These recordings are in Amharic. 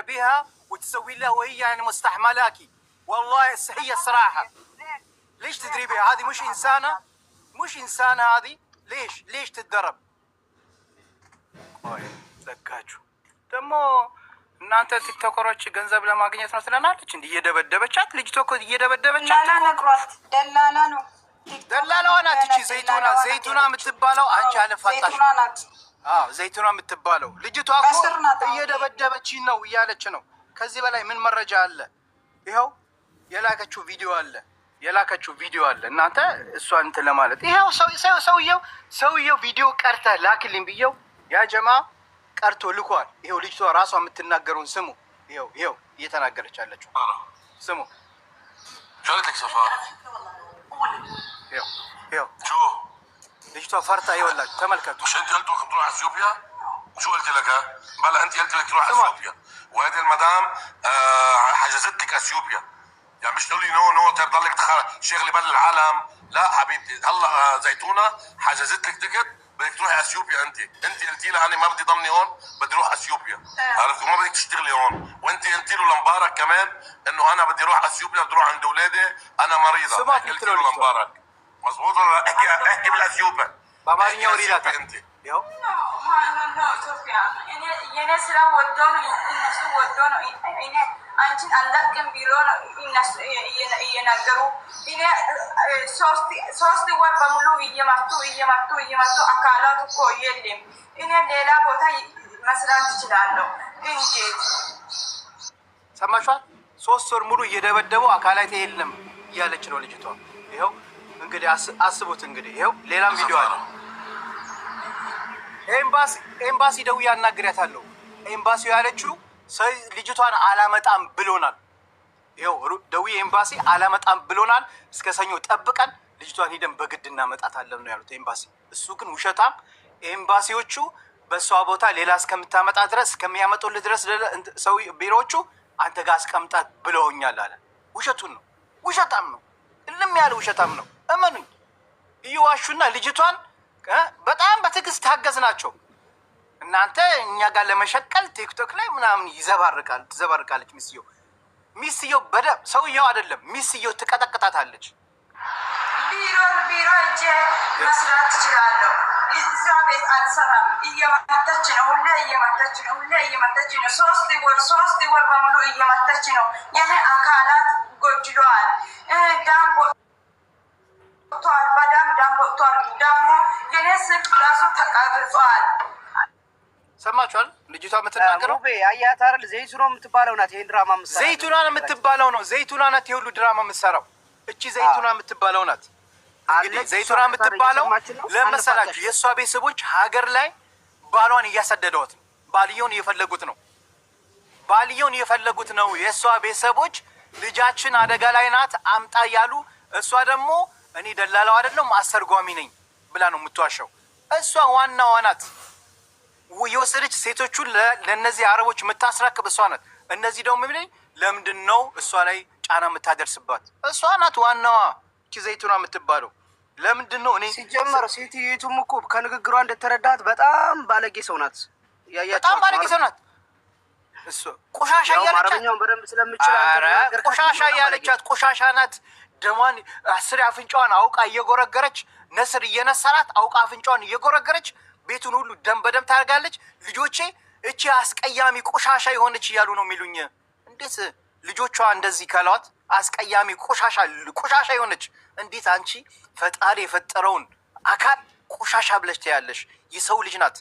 بها وتسوي لها وهي يعني مستحملاك والله هي صراحه ليش بها هذه مش انسانه مش انسانه هذه ليش ليش تتدرب ዘጋችሁ ደግሞ እናንተ ቲክቶከሮች ገንዘብ ለማግኘት ነው ትለናለች። እንዲህ እየደበደበቻት ልጅቷ እኮ እየደበደበቻት ደላላ ናት። እቺ ዘይቱና ዘይቱና የምትባለው አንቺ አለፋጣሽ ዘይቱና የምትባለው ልጅቷ እየደበደበችኝ ነው እያለች ነው። ከዚህ በላይ ምን መረጃ አለ? ይኸው የላከችው ቪዲዮ አለ የላከችው ቪዲዮ አለ። እናንተ እሷ እንትን ለማለት ይኸው ሰውየው ሰውየው ቪዲዮ ቀርተ ላክልኝ ብየው ያ ጀማ ቀርቶ ልኳል። ይኸው ልጅቷ ራሷ የምትናገረውን ስሙ። ይኸው ይኸው እየተናገረች ያለችው ስሙ። سافرت أيوة لك تملكت مش أنت قلت لك تروح أثيوبيا؟ شو قلت لك؟ بلا أنت قلت لك تروح أثيوبيا وهذه المدام آه حجزت لك أثيوبيا يعني مش تقول لي نو نو تضلك شغلي بل العالم لا حبيبتي هلا آه، زيتونه حجزت لك تكت بدك تروحي اثيوبيا انت انت قلتي لها انا ما بدي ضمني هون بدي اروح اثيوبيا آه. عرفت وما بدك تشتغلي هون وانت قلت له لمبارك كمان انه انا بدي اروح اثيوبيا بدي اروح عند اولادي انا مريضه قلت له لمبارك مزبوط ولا احكي احكي إيه، بالاثيوبي በአማርኛው ሪላታል የኔ ስራ ወዶ ሶስት ወር በሙሉ እየመጡ እየመጡ እየመጡ አካላት እኮ የለም። እኔ ሌላ ቦታ መስራት ይችላለሁ። እንዴት ሰማሿል? ሶስት ወር ሙሉ እየደበደቡ አካላት የለም እያለች ነው ልጅቷ ይኸው እንግዲህ አስቡት እንግዲህ ይኸው ሌላም ቪዲዮ አለ። ኤምባሲ ኤምባሲ ደውዬ አናግሪያታለሁ። ኤምባሲው ያለችው ልጅቷን አላመጣም ብሎናል። ይኸው ደውዬ ኤምባሲ አላመጣም ብሎናል፣ እስከ ሰኞ ጠብቀን ልጅቷን ሂደን በግድ እናመጣታለን ነው ያሉት ኤምባሲ። እሱ ግን ውሸታም ኤምባሲዎቹ በእሷ ቦታ ሌላ እስከምታመጣ ድረስ እስከሚያመጡልህ ድረስ ሰው ቢሮዎቹ አንተ ጋር አስቀምጣት ብለውኛል አለ። ውሸቱን ነው። ውሸታም ነው። እልም ያለ ውሸታም ነው። እመኑኝ እየዋሹና ልጅቷን በጣም በትዕግስት ታገዝ ናቸው። እናንተ እኛ ጋር ለመሸቀል ቲክቶክ ላይ ምናምን ይዘባርቃል ትዘባርቃለች። ሚስትየው ሚስትየው በደብ ሰውየው አይደለም ሚስትየው ትቀጠቅጣታለች። ቢሮን ቢሮ እጄ መስራት ትችላለሁ። እዛ ቤት አልሰራም። እየመተች ነው፣ ሁሌ እየመተች ነው፣ ሁሌ እየመተች ነው። ሶስት ወር ሶስት ወር በሙሉ እየመተች ነው። የኔ አካላት ጎድሏል ዳንቦ ምስል ራሱ ተቀርጿል። ሰማችኋል? ልጅቷ የምትናገረው አያት አይደል? ዘይቱና የምትባለው ናት። ይህን ድራማ ዘይቱና የምትባለው ነው። ዘይቱና ናት የሁሉ ድራማ የምትሰራው እቺ ዘይቱና የምትባለው ናት። እንግዲህ ዘይቱና የምትባለው ለመሰላችሁ የእሷ ቤተሰቦች ሀገር ላይ ባሏን እያሰደደዋት ነው። ባልየውን እየፈለጉት ነው። ባልየውን እየፈለጉት ነው። የእሷ ቤተሰቦች ልጃችን አደጋ ላይ ናት አምጣ እያሉ እሷ ደግሞ እኔ ደላላው አይደለም አስተርጓሚ ነኝ ብላ ነው የምትዋሸው። እሷ ዋናዋ ናት የወሰደች ሴቶቹን ለእነዚህ አረቦች የምታስረክብ እሷ ናት። እነዚህ ደግሞ የሚለኝ ለምንድን ነው እሷ ላይ ጫና የምታደርስባት? እሷ ናት ዋናዋ ዘይቱና የምትባለው ለምንድን ነው? እኔ ሲጀመር ሴትዮቱም እኮ ከንግግሯ እንደተረዳት በጣም ባለጌ ሰው ናት። በጣም ባለጌ ሰው ናት። በደንብ ቆሻሻ እያለቻት ቆሻሻ ናት። ደሟን አስር አፍንጫዋን አውቃ እየጎረገረች ነስር እየነሰራት አውቃ አፍንጫዋን እየጎረገረች ቤቱን ሁሉ ደም በደም ታደርጋለች። ልጆቼ እቺ አስቀያሚ ቆሻሻ የሆነች እያሉ ነው የሚሉኝ። እንዴት ልጆቿ እንደዚህ ከሏት? አስቀያሚ ቆሻሻ ቆሻሻ የሆነች እንዴት አንቺ ፈጣሪ የፈጠረውን አካል ቆሻሻ ብለሽ ትያለሽ? የሰው ልጅ ናት።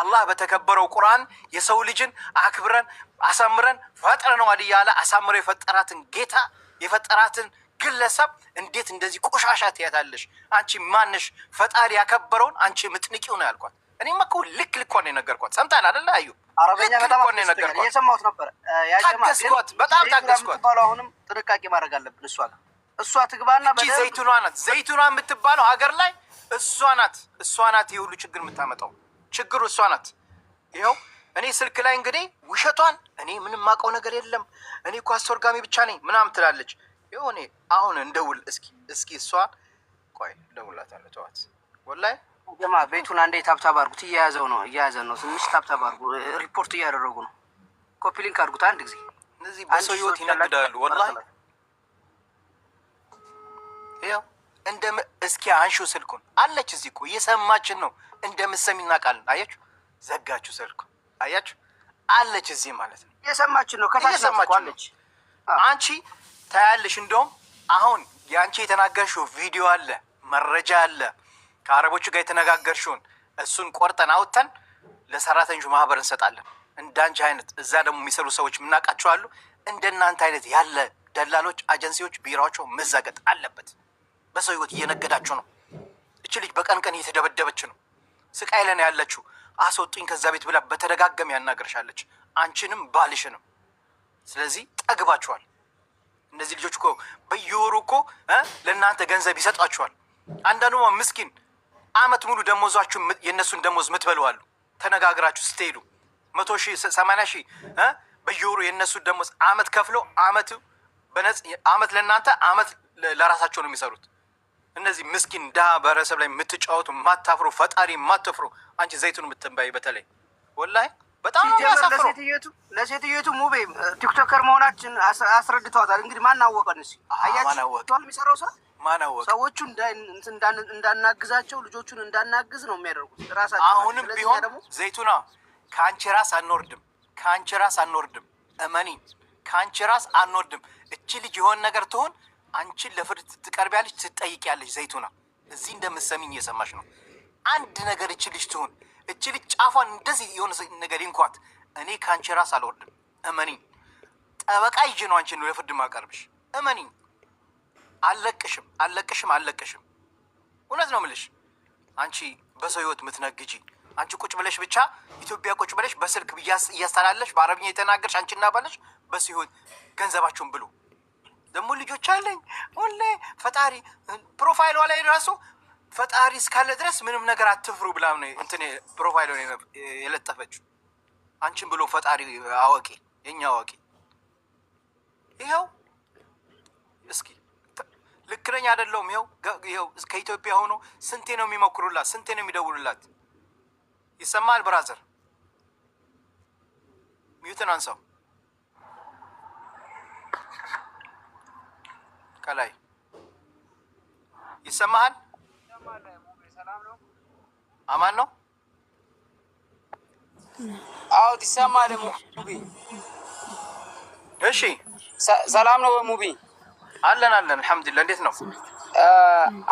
አላህ በተከበረው ቁርአን የሰው ልጅን አክብረን አሳምረን ፈጥረነዋል እያለ አሳምረው የፈጠራትን ጌታ የፈጠራትን ግለሰብ እንዴት እንደዚህ ቆሻሻ ትያታለሽ? አንቺ ማንሽ? ፈጣሪ ያከበረውን አንቺ ምትንቂው ነው ያልኳት። እኔማ እኮ ልክ ልኳ ነው የነገርኳት። ሰምታል አይደለ? አዩ አረበኛ በጣም እየሰማሁት ነበር። ታገስኳት፣ በጣም ታገስኳት። አሁንም ጥንቃቄ ማድረግ አለብን። እሷ እሷ ትግባና ዘይቱኗ ናት፣ ዘይቱኗ የምትባለው ሀገር ላይ እሷ ናት፣ እሷ ናት ይህ ችግር የምታመጣው። ችግሩ እሷ ናት። ይኸው እኔ ስልክ ላይ እንግዲህ ውሸቷን እኔ ምንም ማውቀው ነገር የለም እኔ እኮ አስተርጓሚ ብቻ ነኝ ምናምን ትላለች። የሆኔ አሁን እንደውል እስኪ እስኪ እሷ ቆይ ደውላታለሁ። ተዋት ወላሂ ጀማ ቤቱን አንዴ ታብታብ አድርጉት። እየያዘው ነው እየያዘ ነው። ትንሽ ታብታብ አድርጉ። ሪፖርት እያደረጉ ነው። ኮፒ ሊንክ አድርጉት። አንድ ጊዜ እነዚህ በሰው ህይወት ይነግዳሉ። ወላሂ ያው እንደ እስኪ አንሺው ስልኩን አለች። እዚህ እኮ እየሰማችን ነው። እንደምትሰሚ እናውቃለን። አያችሁ፣ ዘጋችሁ ስልኩ። አያችሁ፣ አለች እዚህ ማለት ነው። እየሰማችን ነው። ከታች አለች አንቺ ታያለሽ። እንደውም አሁን የአንቺ የተናገርሽው ቪዲዮ አለ፣ መረጃ አለ፣ ከአረቦቹ ጋር የተነጋገርሽውን እሱን ቆርጠን አውጥተን ለሰራተኞቹ ማህበር እንሰጣለን። እንዳንቺ አይነት እዛ ደግሞ የሚሰሩ ሰዎች የምናውቃቸው አሉ። እንደናንተ አይነት ያለ ደላሎች፣ አጀንሲዎች ቢሮቸው መዛገጥ አለበት። በሰው ህይወት እየነገዳችሁ ነው። እች ልጅ በቀን ቀን እየተደበደበች ነው። ስቃይ ላይ ነው ያለችው። አስወጡኝ ከዛ ቤት ብላ በተደጋገሚ ያናገርሻለች፣ አንቺንም ባልሽንም። ስለዚህ ጠግባችኋል። እነዚህ ልጆች እኮ በየወሩ እኮ ለእናንተ ገንዘብ ይሰጧችኋል። አንዳንዱ ምስኪን አመት ሙሉ ደሞዟችሁ የእነሱን ደሞዝ ምትበለዋሉ። ተነጋግራችሁ ስትሄዱ መቶ ሺህ ሰማንያ ሺህ በየወሩ የእነሱን ደሞዝ አመት ከፍለው አመት በነጽ አመት ለእናንተ አመት ለራሳቸው ነው የሚሰሩት። እነዚህ ምስኪን ድሃ ብሔረሰብ ላይ የምትጫወቱ ማታፍሩ፣ ፈጣሪ ማትፍሩ አንቺ ዘይቱን የምትንባይ በተለይ ወላሂ በጣም ነው ለሴትዮቱ ለሴትዮቱ ሙቤ ቲክቶከር መሆናችን አስረድተዋታል። እንግዲህ ማን አወቀን? ሲ አያቸዋል የሚሰራው ስራ ማናወቅ ሰዎቹ እንዳናግዛቸው ልጆቹን እንዳናግዝ ነው የሚያደርጉት ራሳቸው። አሁንም ቢሆን ዘይቱና ከአንቺ ራስ አንወርድም፣ ከአንቺ ራስ አንወርድም፣ እመኒ ከአንቺ ራስ አንወርድም። እቺ ልጅ የሆን ነገር ትሆን አንቺን ለፍርድ ትቀርቢያለች፣ ትጠይቂያለች። ዘይቱና እዚህ እንደምትሰሚኝ እየሰማሽ ነው። አንድ ነገር እቺ ልጅ ትሆን እች ልጅ ጫፏን እንደዚህ የሆነ ነገር ይንኳት፣ እኔ ከአንቺ ራስ አልወርድም። እመኒኝ፣ ጠበቃ ይዤ ነው አንቺን ለፍርድ ማቀርብሽ። እመኒኝ፣ አለቅሽም፣ አለቅሽም፣ አለቅሽም። እውነት ነው ምልሽ። አንቺ በሰው ህይወት ምትነግጂ አንቺ ቁጭ ብለሽ ብቻ ኢትዮጵያ ቁጭ ብለሽ በስልክ እያስተላለሽ በአረብኛ የተናገርሽ አንቺ እናባለሽ በሰው ህይወት ገንዘባችሁን ብሉ። ደግሞ ልጆች አለኝ ሁሌ ፈጣሪ ፕሮፋይሏ ላይ ራሱ ፈጣሪ እስካለ ድረስ ምንም ነገር አትፍሩ ብላ እንትን ፕሮፋይሉን የለጠፈችው አንቺን ብሎ ፈጣሪ አዋቂ፣ የኛ አዋቂ ይኸው። እስኪ ልክ ነኝ አይደለሁም? ይኸው ከኢትዮጵያ ሆኖ ስንቴ ነው የሚሞክሩላት? ስንቴ ነው የሚደውሉላት? ይሰማል? ብራዘር ሚዩትን አንሳው ከላይ ይሰማሃል? አማን ነው። አዎ ይሰማል። ሙቢ እሺ፣ ሰላም ነው ሙቢ? አለን አለን፣ አልሐምዱሊላህ። እንዴት ነው?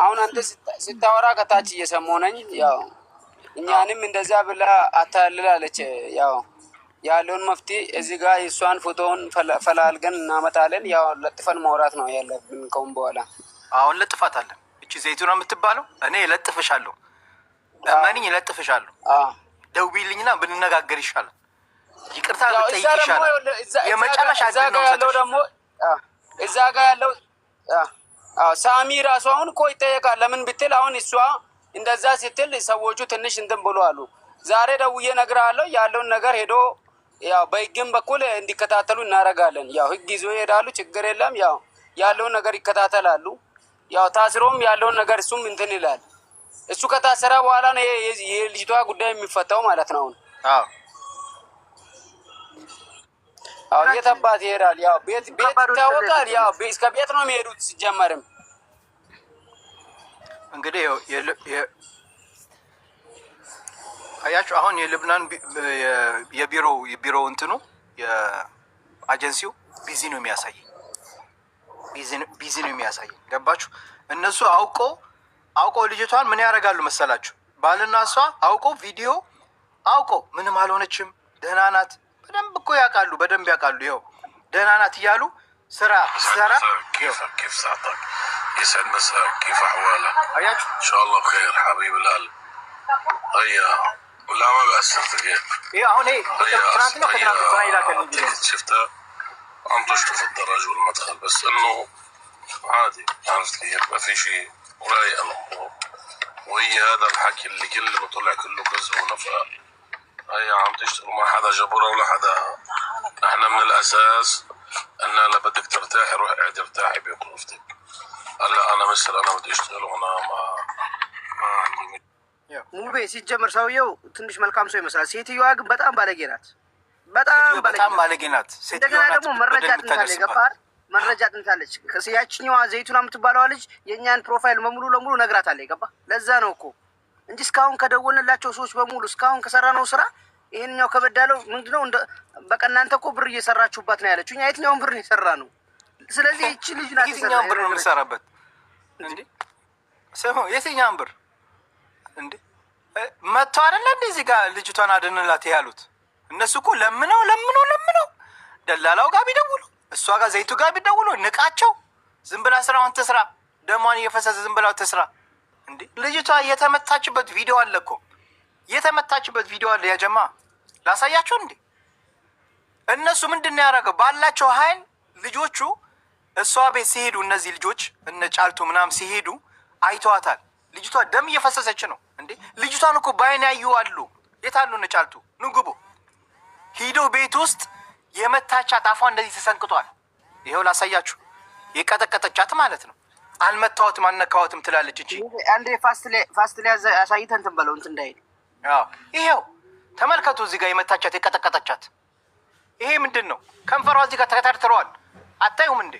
አሁን አንተ ስታወራ ከታች እየሰማሁ ነኝ። ያው እኛንም እንደዛ ብላ አታልላለች። ያው ያለውን መፍትሄ እዚህ ጋር የእሷን ፎቶውን ፈላልገን እናመጣለን። ያው ለጥፈን ማውራት ነው ያለብን ከሁን በኋላ። አሁን ለጥፋት አለን። እቺ ዘይቱና የምትባለው እኔ ለጥፍሻለሁ እመንኝ እለጥፍሻለሁ። ደውዪልኝና ብንነጋገር ይሻላል። ይቅርታ ብጠይቅ ይሻላል። የመጨረሻ ያለው ደግሞ እዛ ጋ ያለው ሳሚ ራሱ አሁን እኮ ይጠየቃል። ለምን ብትል አሁን እሷ እንደዛ ስትል ሰዎቹ ትንሽ እንትን ብሎ አሉ። ዛሬ ደውዬ እነግርሃለሁ ያለውን ነገር ሄዶ ያው በህግም በኩል እንዲከታተሉ እናደርጋለን። ያው ህግ ይዞ ይሄዳሉ፣ ችግር የለም። ያው ያለውን ነገር ይከታተላሉ። ያው ታስሮም ያለውን ነገር እሱም እንትን ይላል። እሱ ከታሰረ በኋላ ነው የልጅቷ ጉዳይ የሚፈታው ማለት ነው። አሁን አሁን የት አባት ይሄዳል? ያው ቤት ቤት ይታወቃል። ያው እስከ ቤት ነው የሚሄዱት። ሲጀመርም እንግዲህ አያችሁ አሁን የልብናን የቢሮ የቢሮ እንትኑ የአጀንሲው ቢዚ ነው የሚያሳይ ቢዚ ነው የሚያሳይ ገባችሁ? እነሱ አውቀው አውቆ ልጅቷን ምን ያደርጋሉ መሰላችሁ? ባልና እሷ አውቆ ቪዲዮ አውቀው ምንም አልሆነችም ደህና ናት። በደንብ እኮ ያውቃሉ፣ በደንብ ያውቃሉ። ይኸው ደህና ናት እያሉ ስራ ስራ ولا يأمر وهي هذا الحكي اللي كل ما طلع كله كذب ونفاق هي عم تشتغل ما حدا جبرها ولا حدا احنا من الاساس قلنا لا بدك ترتاحي روح اقعدي ارتاحي بغرفتك هلا انا مثل انا بدي اشتغل وانا ما ما عندي مو بس يتجمر سويو تنش ሰው ይመስላል። ሴትዮዋ مثلا سيتي ባለጌ ናት። በጣም ባለጌ ናት። እንደገና ደግሞ መረጃ ትንታለ ገባል መረጃ አጥንታለች። ያችኛዋ ዘይቱና የምትባለዋ ልጅ የእኛን ፕሮፋይል በሙሉ ለሙሉ ነግራታለች። የገባ ለዛ ነው እኮ እንጂ እስካሁን ከደወልንላቸው ሰዎች በሙሉ እስካሁን ከሰራነው ስራ ይህንኛው ከበዳለው ምንድነው? በቃ እናንተ እኮ ብር እየሰራችሁባት ነው ያለችው። እኛ የትኛውን ብር የሰራ ነው? ስለዚህ ይቺ ልጅ ናት የትኛውን ብር ነው የምትሰራበት? እንዴ የትኛውን ብር እንዴ መጥቶ አደለ እንዴ እዚህ ጋር ልጅቷን አድንላት ያሉት እነሱ እኮ ለምነው ለምነው ለምነው ደላላው ጋር ቢደውሉ እሷ ጋር ዘይቱ ጋር ቢደውሉ ንቃቸው። ዝም ብላ ስራውን ትስራ፣ ደሟን እየፈሰሰ ዝም ብላው ትስራ። እንዴ ልጅቷ የተመታችበት ቪዲዮ አለ እኮ የተመታችበት ቪዲዮ አለ። ያጀማ ላሳያቸው እንዴ። እነሱ ምንድን ነው ያደረገው? ባላቸው ኃይል ልጆቹ እሷ ቤት ሲሄዱ እነዚህ ልጆች እነ ጫልቱ ምናም ሲሄዱ አይተዋታል። ልጅቷ ደም እየፈሰሰች ነው እንዴ። ልጅቷን እኮ ባይን ያዩ አሉ። የት አሉ? እነ ጫልቱ ንጉቦ ሂዶ ቤት ውስጥ የመታቻት አፏ እንደዚህ ተሰንቅቷል። ይኸው ላሳያችሁ። የቀጠቀጠቻት ማለት ነው። አልመታወትም አልነካወትም ትላለች እንጂ አንዴ ፋስት ላይ አሳይተን እንትን በለው እንትን እንዳይል ይኸው ተመልከቱ። እዚህ ጋር የመታቻት የቀጠቀጠቻት ይሄ ምንድን ነው? ከንፈሯ እዚህ ጋር ተከታትረዋል። አታዩም እንዴ?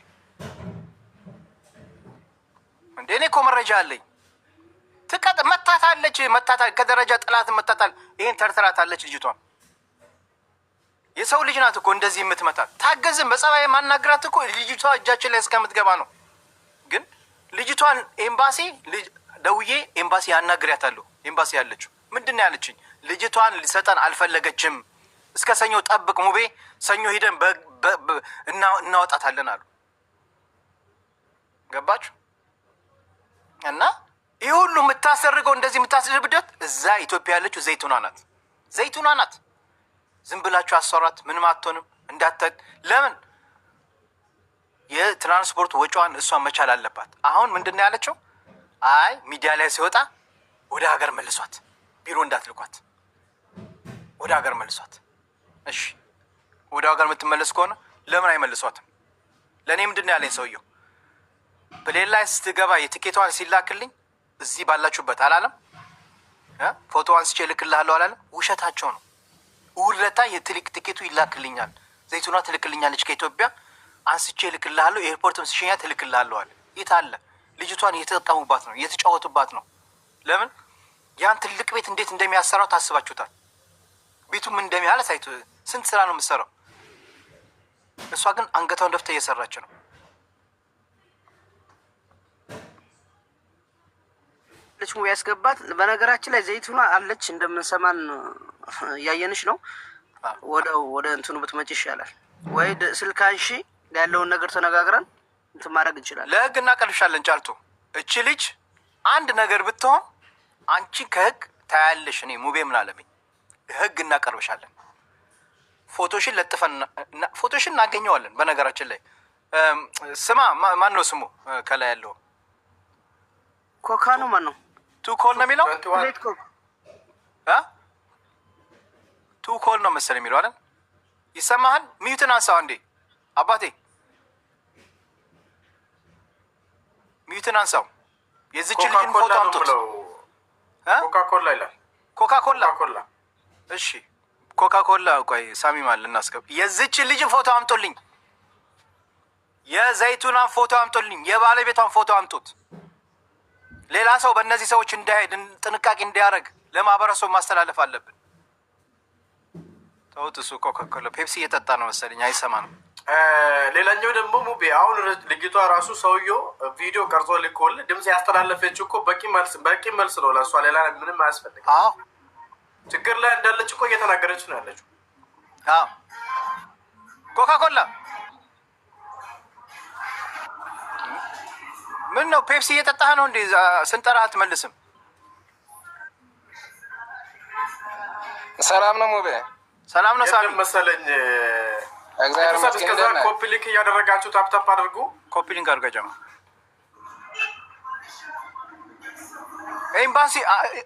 እንዴ እኔ እኮ መረጃ አለኝ። ትቀጥ መታታለች። መታታ ከደረጃ ጥላት መታታል። ይሄን ተርትራታለች ልጅቷን የሰው ልጅ ናት እኮ እንደዚህ የምትመታት። ታገዝም በጸባይ ማናግራት እኮ ልጅቷ እጃችን ላይ እስከምትገባ ነው። ግን ልጅቷን ኤምባሲ ደውዬ ኤምባሲ ያናግሪያታለሁ። ኤምባሲ ያለችው ምንድን ነው ያለችኝ? ልጅቷን ሊሰጠን አልፈለገችም። እስከ ሰኞ ጠብቅ ሙቤ፣ ሰኞ ሂደን እናወጣታለን አሉ። ገባችሁ? እና ይህ ሁሉ የምታሰርገው እንደዚህ የምታስደብደት እዛ ኢትዮጵያ ያለችው ዘይቱና ናት፣ ዘይቱና ናት። ዝም ብላችሁ አሰራት ምንም አትሆንም እንዳተ ለምን የትራንስፖርት ወጪዋን እሷን መቻል አለባት። አሁን ምንድን ነው ያለችው? አይ ሚዲያ ላይ ሲወጣ ወደ ሀገር መልሷት፣ ቢሮ እንዳትልኳት፣ ወደ ሀገር መልሷት። እሺ ወደ ሀገር የምትመለስ ከሆነ ለምን አይመልሷትም? ለእኔ ምንድን ነው ያለኝ ሰውየው? ፕሌን ላይ ስትገባ የትኬቷን ሲላክልኝ እዚህ ባላችሁበት አላለም፣ ፎቶዋን ስቼ እልክልሃለሁ አላለም። ውሸታቸው ነው። ውለታ የትልቅ ትኬቱ ይላክልኛል። ዘይቱና ትልክልኛለች ከኢትዮጵያ አንስቼ እልክልሃለሁ፣ ኤርፖርትም ስሸኛ ትልክልሃለሁ የት አለ? ልጅቷን እየተጠቀሙባት ነው፣ እየተጫወቱባት ነው። ለምን ያን ትልቅ ቤት እንዴት እንደሚያሰራው ታስባችሁታል? ቤቱ ምን እንደሚያህል ሳይቱ ስንት ስራ ነው የምትሰራው? እሷ ግን አንገቷን ደፍታ እየሰራች ነው። ያለች ሙቢ ያስገባት። በነገራችን ላይ ዘይቱና አለች እንደምንሰማን እያየንሽ ነው። ወደ ወደ እንትኑ ብትመጭ ይሻላል። ወይ ስልካን ሺ ያለውን ነገር ተነጋግረን እንትን ማድረግ እንችላለን። ለህግ እናቀልሻለን። ጫልቱ እቺ ልጅ አንድ ነገር ብትሆን አንቺ ከህግ ታያለሽ። እኔ ሙቤ ምን አለብኝ? ህግ እናቀርብሻለን። ፎቶሽን ለጥፈን ፎቶሽን እናገኘዋለን። በነገራችን ላይ ስማ፣ ማን ነው ስሙ ከላይ ያለው ኮካኑ ማን ነው? ቱ ኮል ነው የሚለው ቱ ኮል ነው መሰል የሚለው አይደል? ይሰማሃል? ሚዩትን አንሳው እንዴ አባቴ፣ ሚዩትን አንሳው። የዚች ልጅን ፎቶ አምጡት። ኮካኮላ ይላል። ኮካኮላ እሺ፣ ኮካኮላ ቆይ፣ ሳሚማል እናስገብ። የዚች ልጅን ፎቶ አምጡልኝ። የዘይቱናን ፎቶ አምጡልኝ። የባለቤቷን ፎቶ አምጡት። ሌላ ሰው በእነዚህ ሰዎች እንዳይሄድ ጥንቃቄ እንዲያደርግ ለማህበረሰቡ ማስተላለፍ አለብን። ተውት፣ እሱ እኮ ፔፕሲ እየጠጣ ነው መሰለኝ፣ አይሰማ ነው። ሌላኛው ደግሞ ሙቤ፣ አሁን ልጅቷ ራሱ ሰውየ ቪዲዮ ቀርጾ ልኮል ድምፅ ያስተላለፈች እኮ በቂ መልስ በቂ መልስ ነው ለእሷ፣ ሌላ ምንም አያስፈልግም። ችግር ላይ እንዳለች እኮ እየተናገረች ነው ያለችው። ኮካኮላ ምን ነው ፔፕሲ እየጠጣህ ነው እንዴ? ስንጠራ አትመልስም። ሰላም ነው ሙቤ፣ ሰላም ነው ሳሚ መሰለኝ። እግዚአብሔር ኮፒ ሊንክ እያደረጋችሁ ታፕታፕ አድርጉ። ኮፒ ሊንክ አድርገህ ጀማ ኤምባሲ።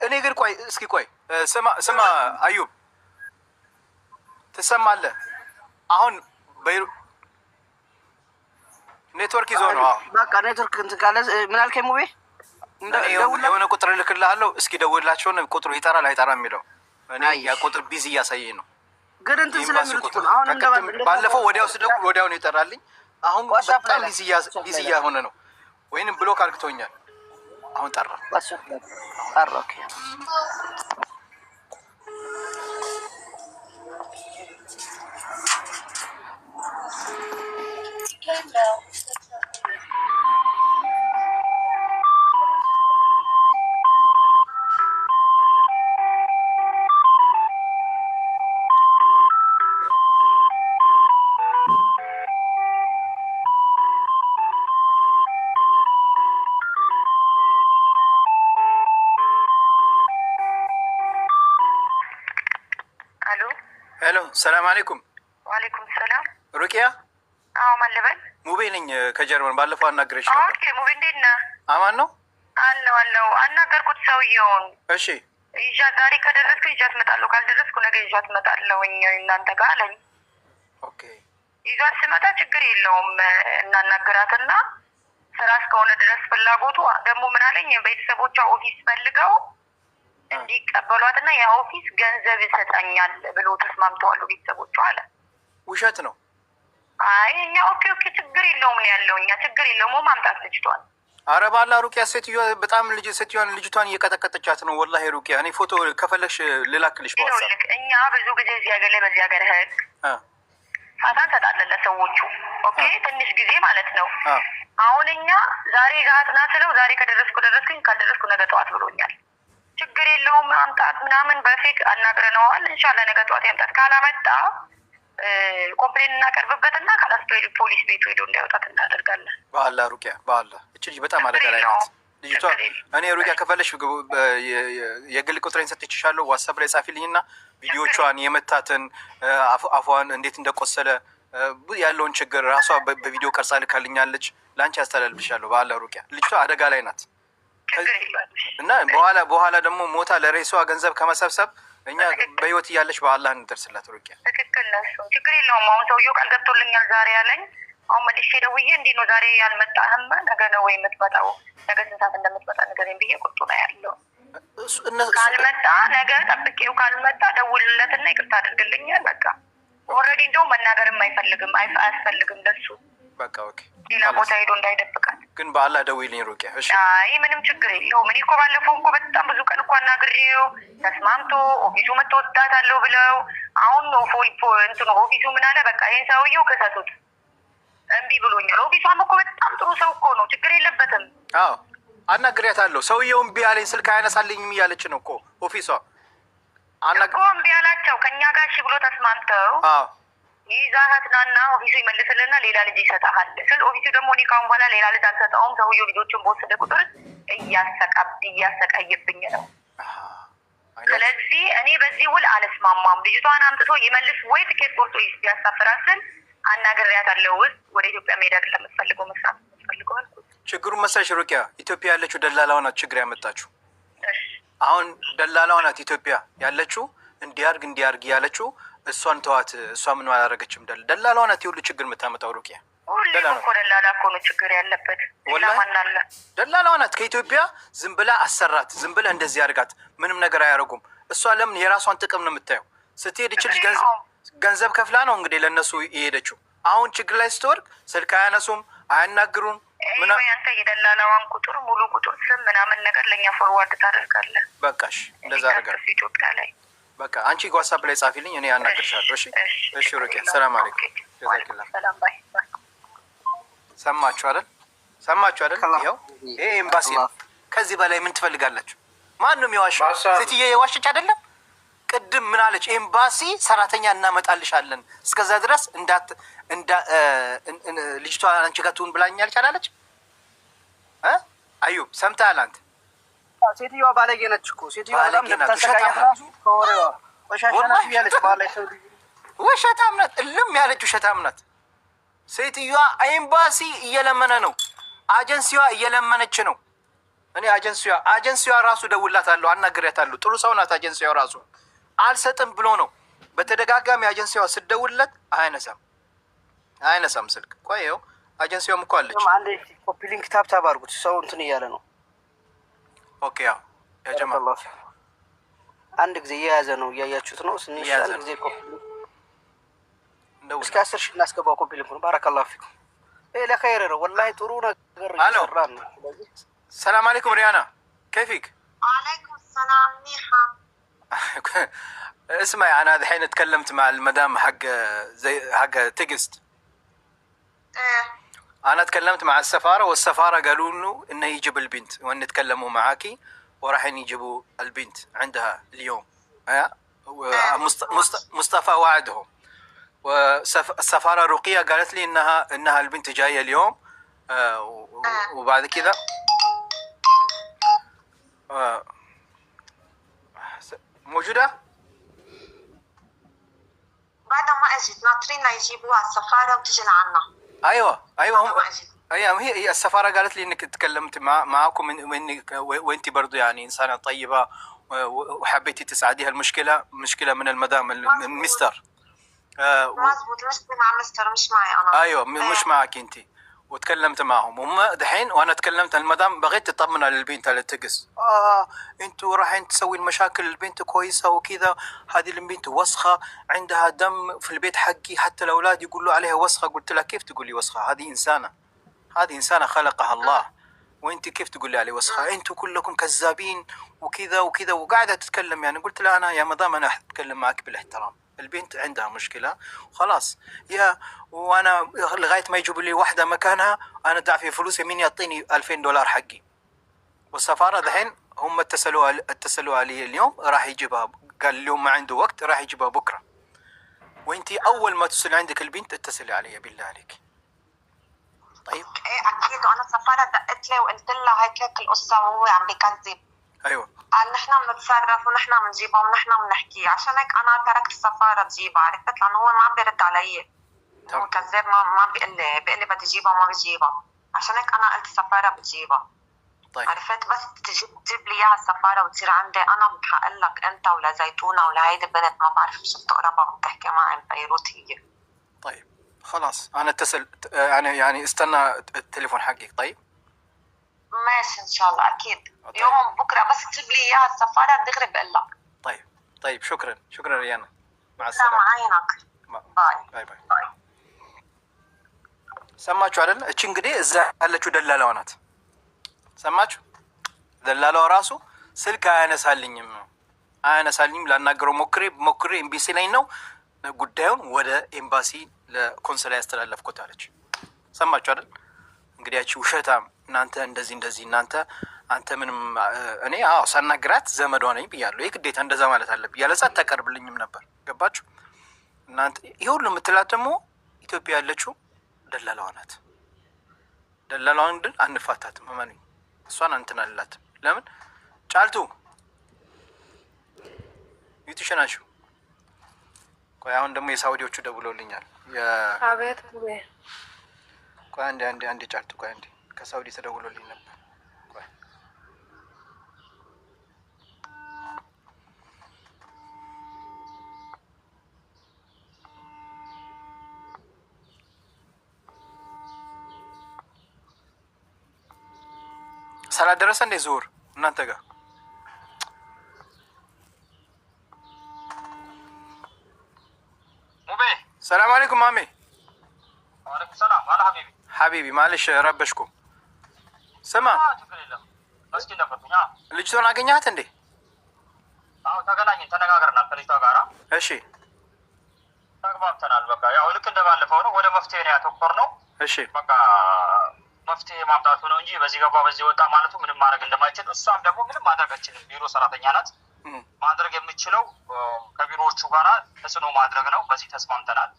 እኔ ግን ቆይ እስኪ ቆይ ስማ ስማ፣ አዩብ ትሰማለህ አሁን ኔትወርክ ይዞ ነው። በቃ ኔትወርክ እንትን ካለ ምን አልከኝ? ሙቤ የሆነ ቁጥር እልክልሃለሁ። እስኪ ደውላቸው ነው ቁጥሩ ይጠራል አይጠራ የሚለው ያ ቁጥር ቢዚ እያሳየኝ ነው። ግን እንትን ስለሚሉት አሁን ባለፈው ወዲያው ስደውል ወዲያው ነው ይጠራልኝ። አሁን በጣም ቢዚ እያሆነ ነው፣ ወይንም ብሎክ አልክቶኛል። አሁን ጠራ ጠራ። ኦኬ ሄሎ ሰላም አሌይኩም። ዋሌይኩም ሰላም። ሩቅያ አዎ፣ ማን ልበል? ሙቤ ነኝ ከጀርመን። ባለፈው አናግረሽ ነበር። ሙቤ እንዴት ነህ? አማን ነው አለው አለው። አናገርኩት ሰውየውን። እሺ ይዣ ዛሬ ከደረስኩ ይዣት እመጣለሁ፣ ካልደረስኩ ነገ ይዣት እመጣለሁ እናንተ ጋር አለኝ። ኦኬ ይዟት ስመጣ ችግር የለውም እናናገራትና ስራ እስከሆነ ድረስ ፍላጎቱ ደግሞ ምን አለኝ ቤተሰቦቿ ኦፊስ ፈልገው እንዲቀበሏትና የኦፊስ ገንዘብ ይሰጠኛል ብሎ ተስማምተዋሉ ቤተሰቦቹ አለ። ውሸት ነው። አይ እኛ ኦኬ ኦኬ ችግር የለውም ነው ያለው። እኛ ችግር የለውም ማምጣት ልጅቷል። አረባላ ሩቅያ ሴትዮ በጣም ልጅ ሴትዮን ልጅቷን እየቀጠቀጠቻት ነው። ወላሂ ሩቅያ እኔ ፎቶ ከፈለሽ ልላክልሽ። ልክ እኛ ብዙ ጊዜ እዚህ ሀገር ላይ በዚህ ሀገር ህግ ፋታ እንሰጣለን ለሰዎቹ። ኦኬ ትንሽ ጊዜ ማለት ነው። አሁን እኛ ዛሬ ጋትና ስለው ዛሬ ከደረስኩ ደረስኩኝ ካልደረስኩ ነገ ጠዋት ብሎኛል። ችግር የለውም አምጣት ምናምን በፌክ አናግረነዋል። እንሻላ ነገ ጠዋት ያምጣት። ካላመጣ ኮምፕሌን እናቀርብበት እና ካላስፈለገ ፖሊስ ቤቱ ሄዶ እንዳይወጣት እናደርጋለን። በአላ ሩቅያ በአላ እች ልጅ በጣም አደጋ ላይ ናት ልጅቷ። እኔ ሩቅያ ከፈለሽ የግል ቁጥሬን ሰጥቼሻለሁ ዋትሳፕ ላይ ጻፊልኝ እና ቪዲዮቿን የመታትን አፏን እንዴት እንደቆሰለ ያለውን ችግር ራሷ በቪዲዮ ቀርጻ ልካልኛለች። ለአንቺ ያስተላልፍሻለሁ። በአላ ሩቅያ ልጅቷ አደጋ ላይ ናት። እና በኋላ በኋላ ደግሞ ሞታ ለሬሷ ገንዘብ ከመሰብሰብ እኛ በህይወት እያለች በአላህ እንደርስላት። ሩቅያ ትክክል ነሱ። ችግር የለውም። አሁን ሰውየው ቃል ገብቶልኛል ዛሬ ያለኝ። አሁን መልሼ ደውዬ እንዲህ ነው ዛሬ ያልመጣህም ነገ ነው ወይ የምትመጣው? ነገ ስንት ሰዓት እንደምትመጣ ነገር ብዬ ቁጡ ነው ያለው። ካልመጣ ነገ ጠብቄው ካልመጣ ደውልለትና ይቅርታ አድርግልኛል። በቃ ኦልሬዲ እንደውም መናገርም አይፈልግም አያስፈልግም ለሱ በቃ ሌላ ቦታ ሄዶ እንዳይደብቃል ግን በአላህ ደውይልኝ ሩቅያ። አይ ምንም ችግር የለውም። እኔ እኮ ባለፈው እኮ በጣም ብዙ ቀን እኮ አናግሬው ተስማምቶ ኦፊሱ መጥቶ አለው ብለው፣ አሁን ነው ፎልፖ እንትኑ ኦፊሱ ምን አለ፣ በቃ ይህን ሰውየው ከሰቱት እምቢ ብሎኛል። ኦፊሷም እኮ በጣም ጥሩ ሰው እኮ ነው፣ ችግር የለበትም። አዎ አናግሬያታለሁ። ሰውየው እምቢ አለኝ፣ ስልክ አያነሳልኝም እያለች ነው እኮ ኦፊሷ እኮ እምቢ አላቸው ከእኛ ጋር እሺ ብሎ ተስማምተው ይዛሀት ናና ኦፊሱ ይመልስልና ሌላ ልጅ ይሰጠሃል ስል ኦፊሱ ደግሞ እኔ ካሁን በኋላ ሌላ ልጅ አልሰጠውም፣ ሰውየው ልጆችን በወሰደ ቁጥር እያሰቃየብኝ ነው። ስለዚህ እኔ በዚህ ውል አልስማማም። ልጅቷን አምጥቶ ይመልስ ወይ ትኬት ቆርጦ ቢያሳፍራት ስል አለው ውስጥ ወደ ኢትዮጵያ መሄድ አይደለም የምትፈልገው መስራት የምትፈልገው አልኩት። ችግሩን መሰለሽ ሩቅያ፣ ኢትዮጵያ ያለችው ደላላዋ ናት ችግር ያመጣችው። አሁን ደላላዋ ናት ኢትዮጵያ ያለችው እንዲያርግ እንዲያርግ ያለችው እሷን ተዋት። እሷ ምን አላደረገችም። ደል ደላላ ናት የሁሉ ችግር የምታመጣው ሩቅያ ደላላ እኮ ናት። ከኢትዮጵያ ዝም ብላ አሰራት፣ ዝም ብላ እንደዚህ አድርጋት። ምንም ነገር አያደርጉም። እሷ ለምን የራሷን ጥቅም ነው የምታየው። ስትሄድ ይችል ገንዘብ ከፍላ ነው እንግዲህ ለእነሱ የሄደችው። አሁን ችግር ላይ ስትወርቅ ስልክ አያነሱም፣ አያናግሩም። አንተ የደላላዋን ቁጥር ሙሉ ቁጥር ስም ምናምን ነገር ለእኛ ፎርዋርድ ታደርጋለህ። በቃሽ እንደዛ አድርጋለሁ ኢትዮጵያ ላይ በቃ አንቺ ዋትሳፕ ላይ ጻፊልኝ፣ እኔ አናግርሻለሁ። እሺ፣ እሺ። ሩቅያ ሰላም አለይኩም። ጀዛኪላ ሰማችሁ አይደል? ሰማችሁ አይደል? ይኸው ይሄ ኤምባሲ ነው። ከዚህ በላይ ምን ትፈልጋላችሁ? ማንም የዋሸው ሴትዬ የዋሸች አይደለም። ቅድም ምን አለች? ኤምባሲ ሰራተኛ እናመጣልሻለን፣ እስከዛ ድረስ እንዳት እንዳ ልጅቷ አንቺ ጋር ትሁን ብላኛለች አላለች? አዩ ሰምተሃል አንተ? ሴትዮዋ ባለጌ ነች እኮ ሴትዮዋ ውሸታም ናት፣ እልም ያለች ውሸታም ናት። ሴትዮዋ ኤምባሲ እየለመነ ነው፣ አጀንሲዋ እየለመነች ነው። እኔ አጀንሲዋ አጀንሲዋ ራሱ ደውላታለሁ፣ አናግሬያታለሁ። ጥሩ ሰው ናት። አጀንሲዋ ራሱ አልሰጥም ብሎ ነው። በተደጋጋሚ አጀንሲዋ ስደውልለት አይነሳም፣ አይነሳም ስልክ። ቆየው አጀንሲዋም እኮ አለች። ኮፒ ሊንክ ታብታብ አድርጉት፣ ሰው እንትን እያለ ነው ኦኬ ያው ያጀማ አንድ ጊዜ እየያዘ ነው እያያችሁት ነው። ትንሽ አንድ ጊዜ ኮፒ እስከ አስር ሺህ እናስገባው። ኮፒ ልንኩ ነው። ባረካላሁ ፊኩም። ይሄ ለኸይር ነው ወላሂ፣ ጥሩ ነገር እየሰራ ነው። ሰላም አለይኩም ሪያና كيفك؟ وعليكم السلام منيحة اسمعي انا الحين تكلمت مع المدام حق زي حق تيجست ايه انا تكلمت مع السفاره والسفاره قالوا لنا انه يجيب البنت وان تكلموا معاكي وراح يجيبوا البنت عندها اليوم مصطفى وعدهم والسفاره رقيه قالت لي انها انها البنت جايه اليوم آه، آه. وبعد كذا آه. موجوده؟ بعد ما اجت ناطرين يجيبوها السفاره وتجي لعنا ايوه ايوه هم ايوه هي هي السفاره قالت لي انك تكلمت مع معاكم وانك وانت برضو يعني انسانه طيبه وحبيتي تساعديها المشكله مشكله من المدام المستر آه، مظبوط مشكله مع مستر مش معي انا ايوه مش آه. معك انت وتكلمت معهم هم دحين وانا تكلمت المدام بغيت تطمن على البنت على التقس اه انتوا رايحين تسوين مشاكل البنت كويسه وكذا هذه البنت وسخه عندها دم في البيت حقي حتى الاولاد يقولوا عليها وسخه قلت لها كيف تقول لي وسخه هذه انسانه هذه انسانه خلقها الله وانت كيف تقول لي علي وسخه انتوا كلكم كذابين وكذا وكذا وقاعده تتكلم يعني قلت لها انا يا مدام انا اتكلم معك بالاحترام البنت عندها مشكله وخلاص يا وانا لغايه ما يجيبوا لي واحده مكانها انا ادفع في فلوسي مين يعطيني 2000 دولار حقي والسفاره دحين هم اتصلوا اتصلوا لي اليوم راح يجيبها قال اليوم ما عنده وقت راح يجيبها بكره وانت اول ما تصل عندك البنت اتصلي علي بالله عليك طيب ايه اكيد وانا السفاره دقت لي وقلت لها هيك هيك القصه وهو عم بكذب ايوه قال نحن بنتصرف ونحن بنجيبها ونحن بنحكي عشان هيك انا تركت السفاره تجيبها عرفت لانه هو ما عم بيرد علي هو كذاب ما ما بيقول لي بيقول لي بدي اجيبها وما بجيبها عشان هيك انا قلت السفاره بتجيبها طيب. عرفت بس تجيب تجيب لي اياها السفاره وتصير عندي انا بحق لك انت ولا زيتونه ولا هيدي بنت ما بعرف شو بتقربها وبتحكي معي ببيروت هي طيب خلاص انا اتصل يعني يعني استنى التليفون حقك طيب ماشي ان شاء الله اكيد طيب. يوم بكره بس تجيب لي اياها السفاره دغري بقول لك طيب طيب شكرا شكرا ريانا مع السلامه عينك باي باي باي, باي. ሰማችሁ አይደል? እቺ እንግዲህ እዛ ያለችው ደላላዋ ናት። ሰማችሁ? ደላላዋ ራሱ ስልክ አያነሳልኝም አያነሳልኝም ላናገረው ሞክሬ ሞክሬ ኤምቢ ሲለኝ ነው ጉዳዩን ወደ ኤምባሲ ለኮንስላ ያስተላለፍኩት አለች። ሰማችሁ አይደል? እንግዲህ ያቺ ውሸታም እናንተ እንደዚህ እንደዚህ እናንተ አንተ ምንም እኔ አዎ ሳናግራት ዘመዷ ነኝ ብያለሁ። ይህ ግዴታ እንደዛ ማለት አለብ ያለዛ ተቀርብልኝም ነበር። ገባችሁ እናንተ። ይህ ሁሉ የምትላት ደግሞ ኢትዮጵያ ያለችው ደላላዋ ናት። ደላላዋን ግን አንፋታት እመኑኝ። እሷን እንትን አልላትም። ለምን ጫልቱ ዩቲሽ ናቸው። ቆይ አሁን ደግሞ የሳውዲዎቹ ደውለውልኛል። ቆይ አንዴ አንዴ አንዴ ጫልቱ ቆይ አንዴ ከሳውዲ ተደውሎልኝ ነበር። ሰላት ደረሰ እንዴ? ዙር እናንተ ጋር ሰላም አለይኩም ማሜ ሀቢቢ ማለሽ ረበሽኩም ስማ ልጅቷን አገኘሃት እንዴ? ተገናኘን፣ ተነጋግረናል ከልጅቷ ጋራ። እሺ ተግባብተናል። በቃ ያው ልክ እንደባለፈው ነው። ወደ መፍትሄ ነው ያተኮር ነው። እሺ በቃ መፍትሄ ማምጣቱ ነው እንጂ በዚህ ገባ በዚህ ወጣ ማለቱ ምንም ማድረግ እንደማይችል እሷም ደግሞ ምንም ማድረግ አችልም። ቢሮ ሰራተኛ ናት። ማድረግ የምችለው ከቢሮዎቹ ጋራ ተጽዕኖ ማድረግ ነው። በዚህ ተስማምተናል።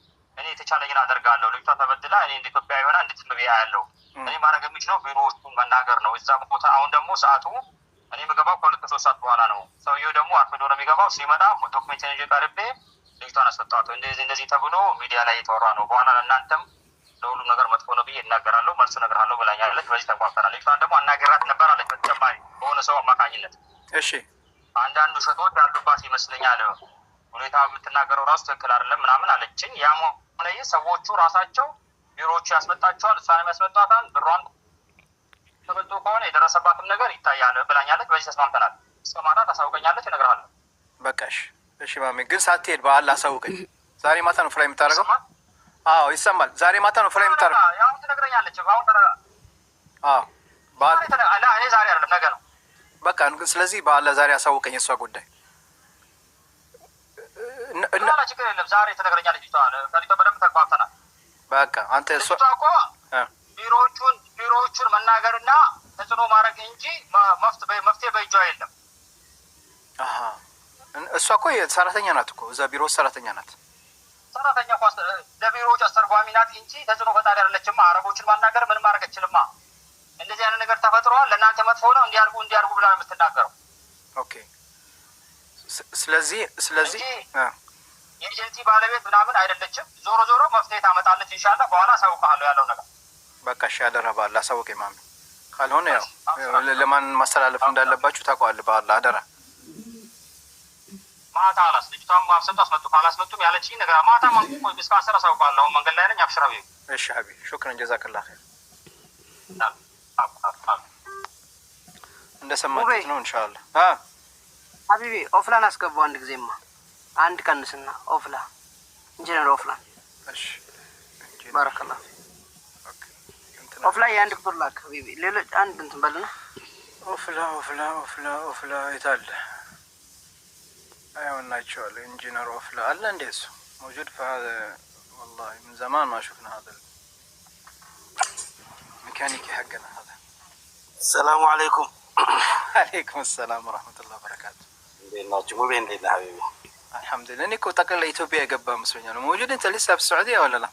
እኔ የተቻለኝን አደርጋለሁ። ልጅቷ ተበድላ እኔ እንደ ኢትዮጵያ የሆነ እንድትም ብያ ያለው እኔ ማድረግ የሚችለው ቢሮዎቹን መናገር ነው። እዛ ቦታ አሁን ደግሞ ሰዓቱ እኔ የምገባው ከሁለት ሶስት ሰዓት በኋላ ነው። ሰውየው ደግሞ አርፍዶ ነው የሚገባው። ሲመጣ ዶክሜንት ነጅ ቀርቤ ልጅቷን አሰጣቱ እንደዚህ እንደዚህ ተብሎ ሚዲያ ላይ የተወራ ነው። በኋላ ለእናንተም ለሁሉም ነገር መጥፎ ነው ብዬ እናገራለሁ፣ መልሱ እነግርሃለሁ ብላኛለች። በዚህ ተቋርተናል። ልጅቷን ደግሞ አናገራት ነበር አለች በተጨማሪ በሆነ ሰው አማካኝነት። እሺ አንዳንድ ውሸቶች ያሉባት ይመስለኛል ሁኔታ የምትናገረው ራሱ ትክክል አይደለም ምናምን አለችኝ። ያ ላይ ሰዎቹ ራሳቸው ቢሮዎቹ ያስመጣቸዋል፣ እሷንም ያስመጣታል። ብሯን ተበልቶ ከሆነ የደረሰባትም ነገር ይታያል ብላኛለች። በዚህ ተስማምተናል። እስከ ማታ ታሳውቀኛለች፣ እነግርሃለሁ። በቃሽ። እሺ ማሜ፣ ግን ሳትሄድ በአል አሳውቀኝ። ዛሬ ማታ ነው ፍላይ የምታደርገው? አዎ ይሰማል። ዛሬ ማታ ነው ፍላይ የምታደርገው? አሁን ትነግረኛለች። አሁን አዎ በዓል እኔ ዛሬ አይደለም ነገ ነው። በቃ ስለዚህ በዓል ዛሬ አሳውቀኝ፣ እሷ ጉዳይ ችግር የለም። ዛሬ ትነግረኛለች። በደንብ ተግባብተናል። በቃ አንተ እሷ እኮ ቢሮዎቹን ቢሮዎቹን መናገርና ተጽዕኖ ማድረግ እንጂ መፍትሄ በእጇ የለም። እሷ እኮ ሰራተኛ ናት እኮ እዛ ቢሮ ሰራተኛ ናት። ሰራተኛ እኮ ለቢሮዎች አስተርጓሚ ናት እንጂ ተጽዕኖ ፈጣሪ አይደለችማ። አረቦችን ማናገር ምንም ማድረግ አይችልማ እንደዚህ አይነት ነገር ተፈጥሯል። ለእናንተ መጥፎ ነው እንዲያርጉ እንዲያርጉ ብላ የምትናገረው። ኦኬ ስለዚህ ስለዚህ የዚህ ባለቤት ምናምን አይደለችም። ዞሮ ዞሮ መፍትሄ ታመጣለች። ኢንሻላህ በኋላ አሳውቅሃለሁ ያለው ነገር በቃ እሺ። አደራ በአላህ አሳውቀኝ ማሚ። ካልሆነ ያው ለማን ማስተላለፍ እንዳለባችሁ ታውቀዋለህ። በአላህ አደራ። ማታ አላስ ልጅቷን ማሰጡ አስመጡ ካላስመጡም ያለችኝ ነገር ማታ ማንቁ እስከ አስር አሳውቃለሁ። መንገድ ላይ ነኝ። አብሽራ ቢዩ። እሺ ሀቢ ሹክረን ጀዛክላ ኸይር። እንደሰማችሁት ነው እንሻላ ሀቢቢ ኦፍላን አስገባው አንድ ጊዜማ عند كنسنا اوفلا انجينير اوفلا بارك الله اوفلا يا عندك برلاك حبيبي ليلة عند انت بلنا اوفلا اوفلا اوفلا اوفلا ايتال ايوه ناتشوال انجينير اوفلا الا انديس موجود في هذا والله من زمان ما شفنا هذا الميكانيكي حقنا هذا السلام عليكم عليكم السلام ورحمه الله وبركاته مبين ناتشو مبين لنا حبيبي الحمد لله كنت اقل اثيوبيا قبل مسؤولين موجود انت لسه في السعوديه ولا لا؟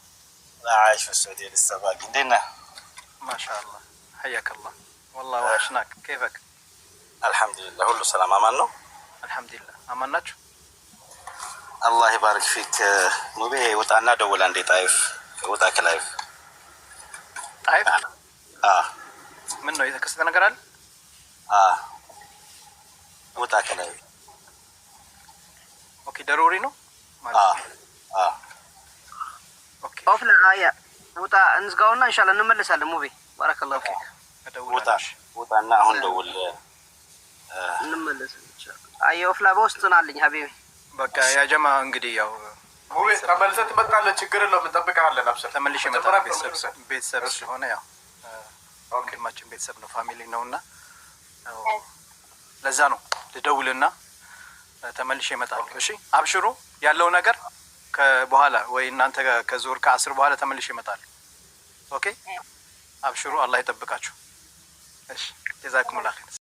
لا عايش في السعوديه لسه باقي دينا ما شاء الله حياك الله والله وحشناك كيفك؟ الحمد لله كله سلام امانو الحمد لله اماناتشو الله يبارك فيك ሙቤ ወጣና ደውላ طايف وطا كلايف طايف؟ اه منو اذا የተከሰተ ነገር اه وطا كلايف ኦኬ ደሮሪ ነው ማለት ኦፍ ያ ውጣ እንዝጋውና እንሻላ እንመለሳለን። ሙቤ ባረከላ ውጣ ውጣና አሁን ደውል እንመለሳለን። አየ ኦፍላ በውስጥ ናለኝ ሀቢቢ በቃ ያጀማ እንግዲህ ያው ሙቤ ተመልሰህ ትመጣለህ። ችግር የለውም እንጠብቅሃለን። አብሰል ተመልሼ እመጣለሁ። ቤተሰብ ቤተሰብ ስለሆነ ያው ወንድማችን ቤተሰብ ነው ፋሚሊ ነው እና ለዛ ነው ልደውልና ተመልሼ እመጣለሁ። እሺ አብሽሩ። ያለው ነገር በኋላ ወይ እናንተ ከዙር ከአስር በኋላ ተመልሼ እመጣለሁ። ኦኬ አብሽሩ። አላህ ይጠብቃችሁ። እሺ ጀዛኩሙላህ ኸይር።